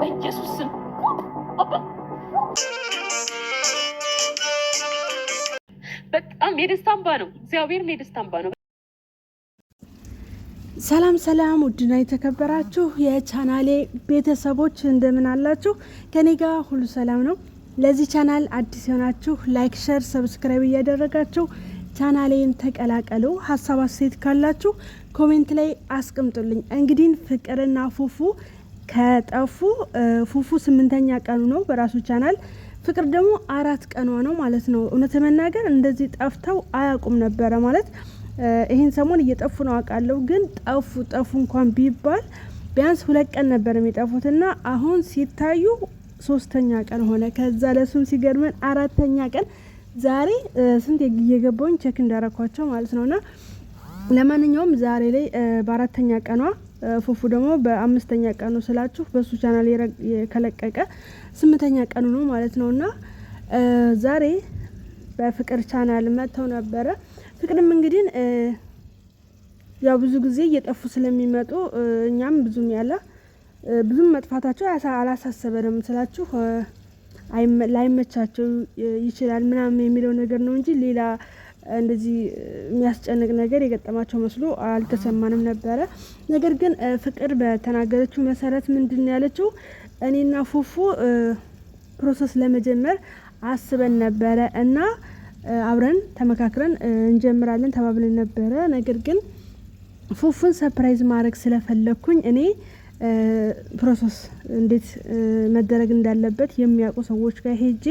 በኢየሱስ ስም በጣም የደስታ እንባ ነው። እግዚአብሔርን የደስታ አምባ ነው። ሰላም ሰላም፣ ውድና የተከበራችሁ የቻናሌ ቤተሰቦች እንደምን አላችሁ? ከኔ ጋር ሁሉ ሰላም ነው። ለዚህ ቻናል አዲስ የሆናችሁ ላይክ፣ ሸር፣ ሰብስክራይብ እያደረጋችሁ ቻናሌን ተቀላቀሉ። ሀሳብ አስተያየት ካላችሁ ኮሜንት ላይ አስቀምጡልኝ። እንግዲህ ፍቅርና ፉፉ ከጠፉ ፉፉ ስምንተኛ ቀኑ ነው በራሱ ቻናል። ፍቅር ደግሞ አራት ቀኗ ነው ማለት ነው። እውነት መናገር እንደዚህ ጠፍተው አያውቁም ነበረ ማለት ይህን ሰሞን እየጠፉ ነው አውቃለሁ። ግን ጠፉ ጠፉ እንኳን ቢባል ቢያንስ ሁለት ቀን ነበር የሚጠፉትና አሁን ሲታዩ ሶስተኛ ቀን ሆነ። ከዛ ለሱም ሲገርመን አራተኛ ቀን ዛሬ ስንት እየገባውኝ ቼክ እንዳረኳቸው ማለት ነውና ለማንኛውም ዛሬ ላይ በአራተኛ ቀኗ ፉፉ ደግሞ በአምስተኛ ቀኑ ስላችሁ በሱ ቻናል የከለቀቀ ስምንተኛ ቀኑ ነው ማለት ነው። እና ዛሬ በፍቅር ቻናል መጥተው ነበረ። ፍቅርም እንግዲህ ያው ብዙ ጊዜ እየጠፉ ስለሚመጡ እኛም ብዙም ያለ ብዙም መጥፋታቸው አላሳሰበንም ስላችሁ ላይመቻቸው ይችላል ምናምን የሚለው ነገር ነው እንጂ ሌላ እንደዚህ የሚያስጨንቅ ነገር የገጠማቸው መስሎ አልተሰማንም ነበረ። ነገር ግን ፍቅር በተናገረችው መሰረት ምንድን ነው ያለችው? እኔና ፉፉ ፕሮሰስ ለመጀመር አስበን ነበረ እና አብረን ተመካክረን እንጀምራለን ተባብለን ነበረ። ነገር ግን ፉፉን ሰፕራይዝ ማድረግ ስለፈለግኩኝ እኔ ፕሮሰስ እንዴት መደረግ እንዳለበት የሚያውቁ ሰዎች ጋር ሄጄ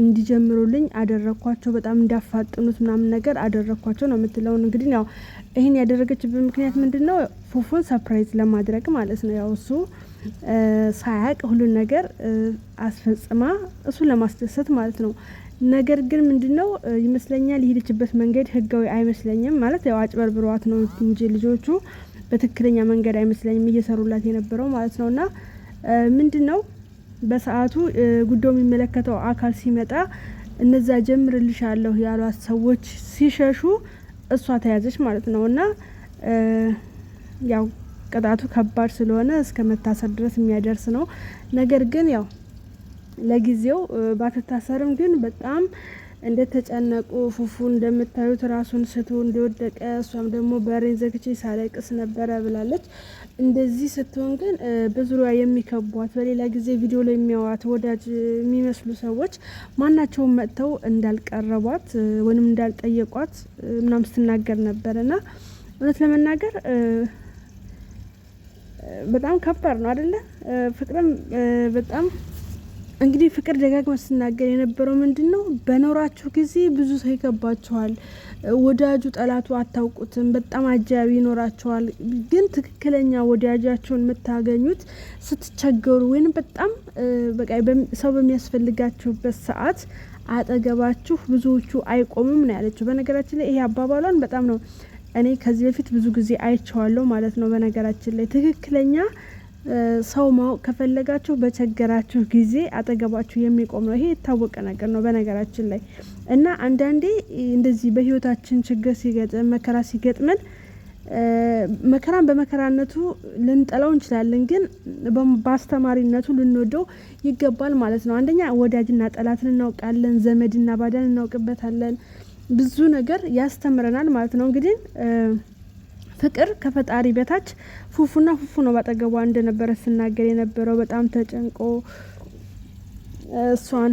እንዲጀምሩልኝ አደረግኳቸው። በጣም እንዲያፋጥኑት ምናምን ነገር አደረግኳቸው ነው የምትለውን። እንግዲህ ያው ይህን ያደረገችበት ምክንያት ምንድን ነው? ፉፉን ሰፕራይዝ ለማድረግ ማለት ነው። ያው እሱ ሳያቅ ሁሉን ነገር አስፈጽማ እሱን ለማስደሰት ማለት ነው። ነገር ግን ምንድን ነው ይመስለኛል የሄደችበት መንገድ ህጋዊ አይመስለኝም። ማለት ያው አጭበርብሯት ነው እንጂ ልጆቹ በትክክለኛ መንገድ አይመስለኝም እየሰሩላት የነበረው ማለት ነው እና ምንድን ነው በሰዓቱ ጉዳዩ የሚመለከተው አካል ሲመጣ እነዛ ጀምርልሻለሁ ያሏት ሰዎች ሲሸሹ እሷ ተያዘች ማለት ነው እና ያው ቅጣቱ ከባድ ስለሆነ እስከ መታሰር ድረስ የሚያደርስ ነው። ነገር ግን ያው ለጊዜው ባትታሰርም ግን በጣም እንደተጨነቁ ፉፉ እንደምታዩት ራሱን ስቶ እንደወደቀ እሷም ደግሞ በሬን ዘግቼ ሳለቅስ ነበረ ብላለች። እንደዚህ ስትሆን ግን በዙሪያ የሚከቧት በሌላ ጊዜ ቪዲዮ ላይ የሚያዋት ወዳጅ የሚመስሉ ሰዎች ማናቸውም መጥተው እንዳልቀረቧት ወይም እንዳልጠየቋት ምናም ስትናገር ነበር እና እውነት ለመናገር በጣም ከባድ ነው አደለ? ፍቅርም በጣም እንግዲህ ፍቅር ደጋግማ ስናገር የነበረው ምንድን ነው? በኖራችሁ ጊዜ ብዙ ሰው ይገባችኋል። ወዳጁ ጠላቱ አታውቁትም። በጣም አጃቢ ይኖራችኋል። ግን ትክክለኛ ወዳጃቸውን የምታገኙት ስትቸገሩ ወይም በጣም በቃ ሰው በሚያስፈልጋችሁበት ሰዓት አጠገባችሁ ብዙዎቹ አይቆሙም ነው ያለችው። በነገራችን ላይ ይሄ አባባሏን በጣም ነው እኔ ከዚህ በፊት ብዙ ጊዜ አይቸዋለሁ ማለት ነው። በነገራችን ላይ ትክክለኛ ሰው ማወቅ ከፈለጋችሁ በቸገራችሁ ጊዜ አጠገባችሁ የሚቆም ነው። ይሄ የታወቀ ነገር ነው በነገራችን ላይ እና አንዳንዴ እንደዚህ በህይወታችን ችግር ሲገጥም መከራ ሲገጥመን መከራን በመከራነቱ ልንጠላው እንችላለን፣ ግን በአስተማሪነቱ ልንወደው ይገባል ማለት ነው። አንደኛ ወዳጅና ጠላትን እናውቃለን፣ ዘመድና ባዳን እናውቅበታለን። ብዙ ነገር ያስተምረናል ማለት ነው እንግዲህ ፍቅር ከፈጣሪ በታች ፉፉና ፉፉ ነው ባጠገቧ እንደነበረ ስናገር የነበረው በጣም ተጨንቆ እሷን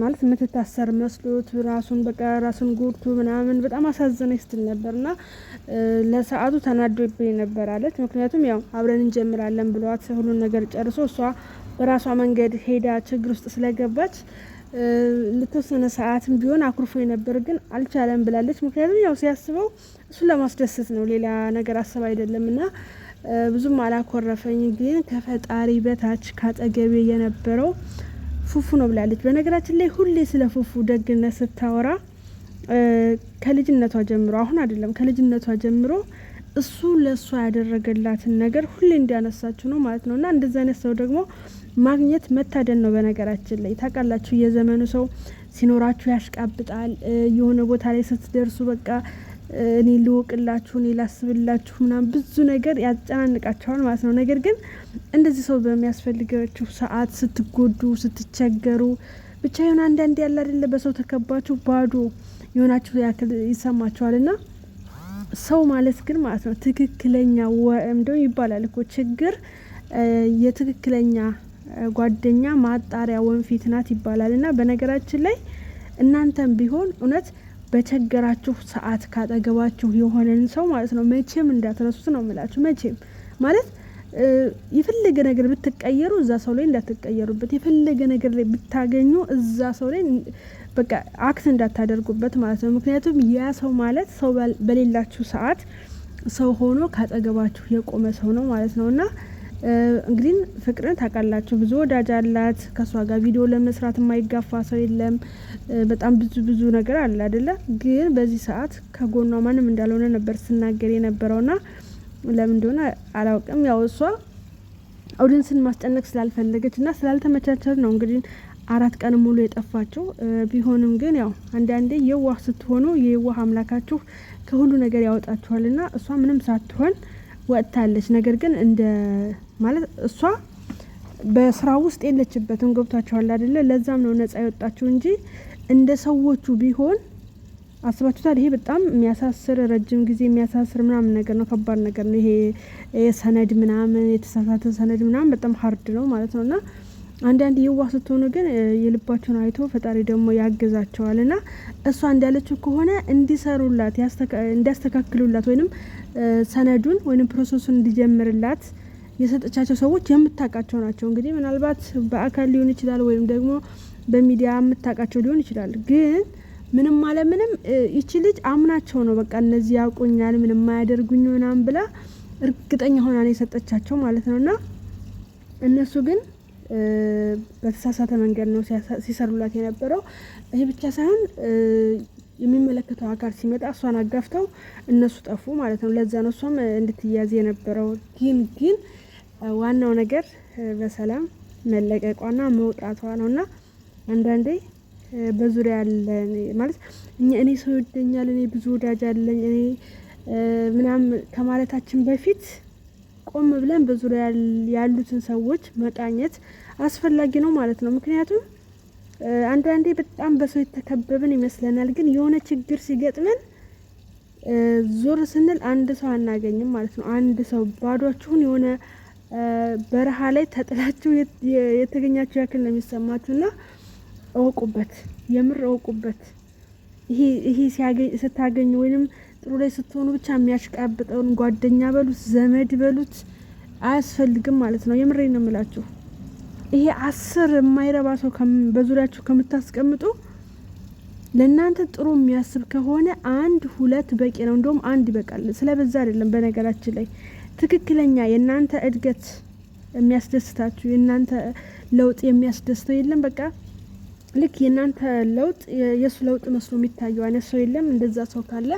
ማለት የምትታሰር መስሎት ራሱን በቃ ራሱን ጉርቱ ምናምን በጣም አሳዘነኝ ስትል ነበር። ና ለሰዓቱ ተናዶብኝ ነበር አለት። ምክንያቱም ያው አብረን እንጀምራለን ብለዋት ሁሉን ነገር ጨርሶ እሷ በራሷ መንገድ ሄዳ ችግር ውስጥ ስለገባች ለተወሰነ ሰዓትም ቢሆን አኩርፎ የነበር ግን አልቻለም ብላለች። ምክንያቱም ያው ሲያስበው እሱን ለማስደሰት ነው፣ ሌላ ነገር አሰብ አይደለም እና ብዙም አላኮረፈኝ፣ ግን ከፈጣሪ በታች ካጠገቤ የነበረው ፉፉ ነው ብላለች። በነገራችን ላይ ሁሌ ስለ ፉፉ ደግነት ስታወራ ከልጅነቷ ጀምሮ አሁን አይደለም ከልጅነቷ ጀምሮ እሱ ለእሷ ያደረገላትን ነገር ሁሌ እንዲያነሳችው ነው ማለት ነው እና እንደዚህ አይነት ሰው ደግሞ ማግኘት መታደል ነው። በነገራችን ላይ ታውቃላችሁ፣ የዘመኑ ሰው ሲኖራችሁ ያሽቃብጣል። የሆነ ቦታ ላይ ስትደርሱ በቃ እኔ ልወቅላችሁ፣ እኔ ላስብላችሁ ምናምን ብዙ ነገር ያጨናንቃቸዋል ማለት ነው። ነገር ግን እንደዚህ ሰው በሚያስፈልጋችሁ ሰዓት ስትጎዱ፣ ስትቸገሩ ብቻ የሆነ አንዳንድ ያለ አይደለ በሰው ተከባችሁ ባዶ የሆናችሁ ያክል ይሰማችኋል ና ሰው ማለት ግን ማለት ነው ትክክለኛ ወ እንደው ይባላል እኮ ችግር የትክክለኛ ጓደኛ ማጣሪያ ወንፊት ናት ይባላል እና በነገራችን ላይ እናንተም ቢሆን እውነት በቸገራችሁ ሰዓት ካጠገባችሁ የሆነን ሰው ማለት ነው መቼም እንዳትረሱት ነው የምላችሁ። መቼም ማለት የፈለገ ነገር ብትቀየሩ እዛ ሰው ላይ እንዳትቀየሩበት፣ የፈለገ ነገር ላይ ብታገኙ እዛ ሰው ላይ በቃ አክት እንዳታደርጉበት ማለት ነው። ምክንያቱም ያ ሰው ማለት ሰው በሌላችሁ ሰዓት ሰው ሆኖ ካጠገባችሁ የቆመ ሰው ነው ማለት ነው እና እንግዲህ ፍቅርን ታውቃላችሁ፣ ብዙ ወዳጅ አላት። ከእሷ ጋር ቪዲዮ ለመስራት የማይጋፋ ሰው የለም። በጣም ብዙ ብዙ ነገር አለ አደለ? ግን በዚህ ሰዓት ከጎኗ ማንም እንዳልሆነ ነበር ስናገር የነበረውና ለምን እንደሆነ አላውቅም። ያው እሷ አውዲንስን ማስጨነቅ ስላልፈለገች እና ስላልተመቻቸት ነው እንግዲህ አራት ቀን ሙሉ የጠፋችው። ቢሆንም ግን ያው አንዳንዴ የዋህ ስትሆኑ የዋህ አምላካችሁ ከሁሉ ነገር ና እሷ ምንም ሳትሆን ወጥታለች። ነገር ግን እንደ ማለት እሷ በስራ ውስጥ የለችበትም። ገብቷችኋል አይደለ? ለዛም ነው ነጻ የወጣችው እንጂ እንደ ሰዎቹ ቢሆን አስባችሁታል? ይሄ በጣም የሚያሳስር ረጅም ጊዜ የሚያሳስር ምናምን ነገር ነው። ከባድ ነገር ነው ይሄ የሰነድ ምናምን የተሳሳተ ሰነድ ምናምን በጣም ሀርድ ነው ማለት ነው እና አንዳንድ የዋ ስትሆኑ ግን የልባቸውን አይቶ ፈጣሪ ደግሞ ያግዛቸዋል። ና እሷ እንዳለችው ከሆነ እንዲሰሩላት እንዲያስተካክሉላት ወይም ሰነዱን ወይም ፕሮሰሱን እንዲጀምርላት የሰጠቻቸው ሰዎች የምታውቃቸው ናቸው። እንግዲህ ምናልባት በአካል ሊሆን ይችላል፣ ወይም ደግሞ በሚዲያ የምታውቃቸው ሊሆን ይችላል። ግን ምንም አለ ምንም ይቺ ልጅ አምናቸው ነው በቃ እነዚህ ያውቁኛል፣ ምንም አያደርጉኝ ምናምን ብላ እርግጠኛ ሆና ነው የሰጠቻቸው ማለት ነው ና እነሱ ግን በተሳሳተ መንገድ ነው ሲሰሩላት የነበረው። ይህ ብቻ ሳይሆን የሚመለከተው አካል ሲመጣ እሷን አጋፍተው እነሱ ጠፉ ማለት ነው። ለዛ ነው እሷም እንድትያዝ የነበረው። ግን ግን ዋናው ነገር በሰላም መለቀቋና መውጣቷ ነው እና አንዳንዴ በዙሪያ ያለ ማለት እኛ እኔ ሰው ይወደኛል፣ እኔ ብዙ ወዳጅ አለኝ፣ እኔ ምናምን ከማለታችን በፊት ቆም ብለን በዙሪያ ያሉትን ሰዎች መቃኘት አስፈላጊ ነው ማለት ነው። ምክንያቱም አንዳንዴ በጣም በሰው የተከበብን ይመስለናል፣ ግን የሆነ ችግር ሲገጥመን ዞር ስንል አንድ ሰው አናገኝም ማለት ነው። አንድ ሰው ባዷችሁን የሆነ በረሃ ላይ ተጥላችሁ የተገኛችሁ ያክል ነው የሚሰማችሁና እወቁበት፣ የምር እወቁበት። ይሄ ሲያገኝ ስታገኙ ወይንም ጥሩ ላይ ስትሆኑ ብቻ የሚያሽቃብጠውን ጓደኛ በሉት ዘመድ በሉት አያስፈልግም ማለት ነው። የምሬ ነው የምላችሁ። ይሄ አስር የማይረባ ሰው በዙሪያችሁ ከምታስቀምጡ ለእናንተ ጥሩ የሚያስብ ከሆነ አንድ ሁለት በቂ ነው። እንደውም አንድ ይበቃል። ስለበዛ አይደለም። በነገራችን ላይ ትክክለኛ የእናንተ እድገት የሚያስደስታችሁ የእናንተ ለውጥ የሚያስደስተው የለም። በቃ ልክ የእናንተ ለውጥ የእሱ ለውጥ መስሎ የሚታየው አይነት ሰው የለም። እንደዛ ሰው ካለ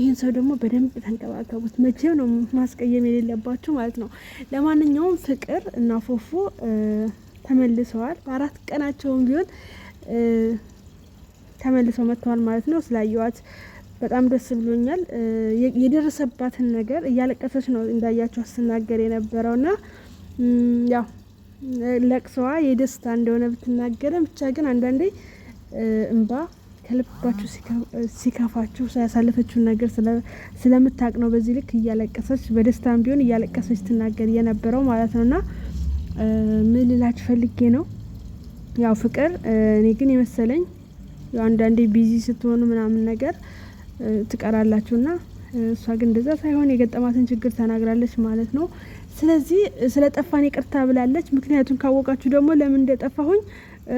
ይህን ሰው ደግሞ በደንብ ተንከባከቡት። መቼም ነው ማስቀየም የሌለባችሁ ማለት ነው። ለማንኛውም ፍቅር እና ፎፎ ተመልሰዋል። በአራት ቀናቸውም ቢሆን ተመልሰው መጥተዋል ማለት ነው። ስላየዋት በጣም ደስ ብሎኛል። የደረሰባትን ነገር እያለቀሰች ነው እንዳያቸዋት ስናገር ና ያው ለቅሰዋ የደስታ እንደሆነ ብትናገርም ብቻ ግን አንዳንዴ እንባ ከልባችሁ ሲከፋችሁ ያሳለፈችውን ነገር ስለምታቅ ነው በዚህ ልክ እያለቀሰች በደስታም ቢሆን እያለቀሰች ትናገር የነበረው ማለት ነው። ና ምን ልላችሁ ፈልጌ ነው ያው ፍቅር እኔ ግን የመሰለኝ አንዳንዴ ቢዚ ስትሆኑ ምናምን ነገር ና እሷ ግን እንደዛ ሳይሆን የገጠማትን ችግር ተናግራለች ማለት ነው። ስለዚህ ስለ ጠፋን ይቅርታ ብላለች። ምክንያቱም ካወቃችሁ ደግሞ ለምን እንደጠፋሁኝ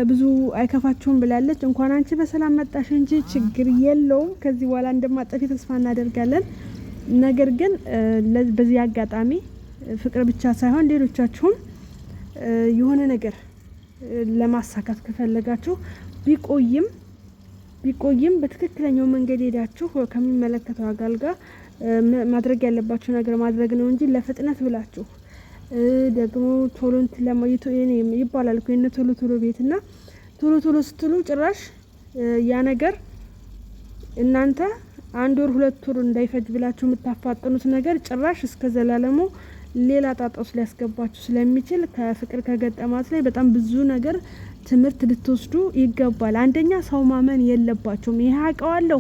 ብዙ አይከፋችሁም ብላለች። እንኳን አንቺ በሰላም መጣሽ እንጂ ችግር የለውም። ከዚህ በኋላ እንደማጠፊ ተስፋ እናደርጋለን። ነገር ግን በዚህ አጋጣሚ ፍቅር ብቻ ሳይሆን ሌሎቻችሁም የሆነ ነገር ለማሳካት ከፈለጋችሁ ቢቆይም ቢቆይም በትክክለኛው መንገድ ሄዳችሁ ከሚመለከተው አጋልጋ ማድረግ ያለባችሁ ነገር ማድረግ ነው እንጂ ለፍጥነት ብላችሁ ደግሞ ቶሎ እንትን ለማየት ይባላል እኮ ቶሎ ቶሎ ቤት እና ቶሎ ቶሎ ስትሉ ጭራሽ ያ ነገር እናንተ አንድ ወር ሁለት ወር እንዳይፈጅ ብላችሁ የምታፋጥኑት ነገር ጭራሽ እስከ ዘላለሙ ሌላ ጣጣ ሊያስገባችሁ ስለሚችል ከፍቅር ከገጠማት ላይ በጣም ብዙ ነገር ትምህርት ልትወስዱ ይገባል። አንደኛ ሰው ማመን የለባቸውም። ይሄ አውቀዋለሁ፣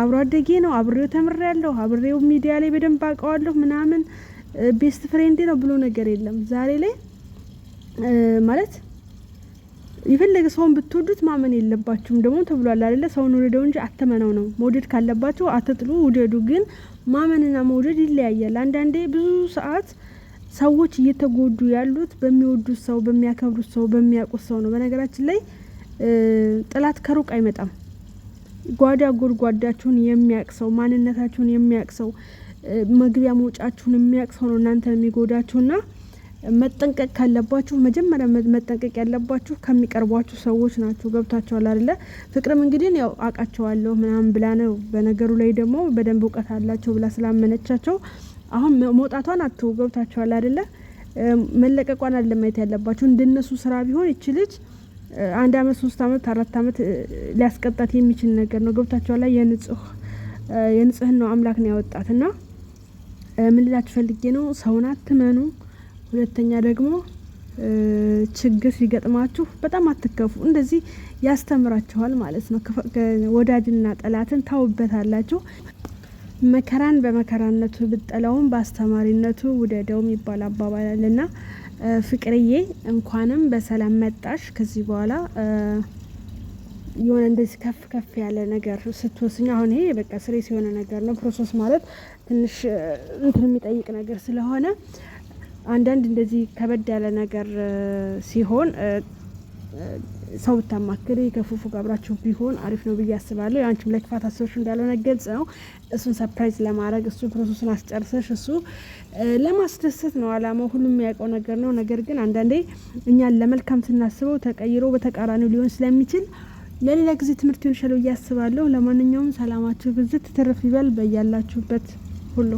አብሮ አደጌ ነው፣ አብሬው ተምሬያለሁ፣ አብሬው ሚዲያ ላይ በደንብ አውቀዋለሁ ምናምን ቤስት ፍሬንዴ ነው ብሎ ነገር የለም። ዛሬ ላይ ማለት የፈለገ ሰውን ብትወዱት ማመን የለባችሁም ደግሞ ተብሏል አይደለ? ሰውን ውደደው እንጂ አተመነው ነው። መውደድ ካለባችሁ አትጥሉ፣ ውደዱ። ግን ማመንና መውደድ ይለያያል። አንዳንዴ ብዙ ሰዓት ሰዎች እየተጎዱ ያሉት በሚወዱት ሰው፣ በሚያከብሩት ሰው፣ በሚያውቁት ሰው ነው። በነገራችን ላይ ጠላት ከሩቅ አይመጣም። ጓዳ ጎድጓዳችሁን የሚያውቅ ሰው፣ ማንነታችሁን የሚያውቅ ሰው መግቢያ መውጫችሁን የሚያውቅ ሰው ነው የሚጎዳችሁና መጠንቀቅ ካለባችሁ መጀመሪያ መጠንቀቅ ያለባችሁ ከሚቀርቧችሁ ሰዎች ናቸው። ገብታቸዋል አይደለ? ፍቅርም እንግዲህ ያው አውቃቸዋለሁ ምናምን ብላ ነው። በነገሩ ላይ ደግሞ በደንብ እውቀት አላቸው ብላ ስላመነቻቸው አሁን መውጣቷን አቶ ገብታቸዋል አይደለ? መለቀቋን አለ ማየት ያለባችሁ። እንደነሱ ስራ ቢሆን ይች ልጅ አንድ አመት ሶስት አመት አራት አመት ሊያስቀጣት የሚችል ነገር ነው። ገብታቸዋል ላይ የንጽህ የንጽህናው አምላክ ነው ያወጣትና ምን ልላችሁ ፈልጌ ነው፣ ሰውን አትመኑ። ሁለተኛ ደግሞ ችግር ሲገጥማችሁ በጣም አትከፉ። እንደዚህ ያስተምራችኋል ማለት ነው። ወዳጅና ጠላትን ታውበታላችሁ። መከራን በመከራነቱ ብጠላውም በአስተማሪነቱ ውደደውም ይባል አባባላል እና ፍቅርዬ እንኳንም በሰላም መጣሽ። ከዚህ በኋላ የሆነ እንደዚህ ከፍ ከፍ ያለ ነገር ስትወስኝ፣ አሁን ይሄ በቃ ስሬስ የሆነ ነገር ነው። ፕሮሰስ ማለት ትንሽ እንትን የሚጠይቅ ነገር ስለሆነ አንዳንድ እንደዚህ ከበድ ያለ ነገር ሲሆን ሰው ብታማክሪ ከፉፉ ጋር አብራችሁ ቢሆን አሪፍ ነው ብዬ አስባለሁ። የአንቺም ላይ ክፋት አስበሽ እንዳልሆነ ግልጽ ነው። እሱን ሰርፕራይዝ ለማድረግ እሱ ፕሮሰሱን አስጨርሰሽ እሱ ለማስደሰት ነው አላማው። ሁሉም የሚያውቀው ነገር ነው። ነገር ግን አንዳንዴ እኛን ለመልካም ስናስበው ተቀይሮ በተቃራኒው ሊሆን ስለሚችል ለሌላ ጊዜ ትምህርት ይሆንሻል ብዬ ለማንኛውም ሰላማችሁ ብዝት ትርፍ ይበል በያላችሁበት ሁሉ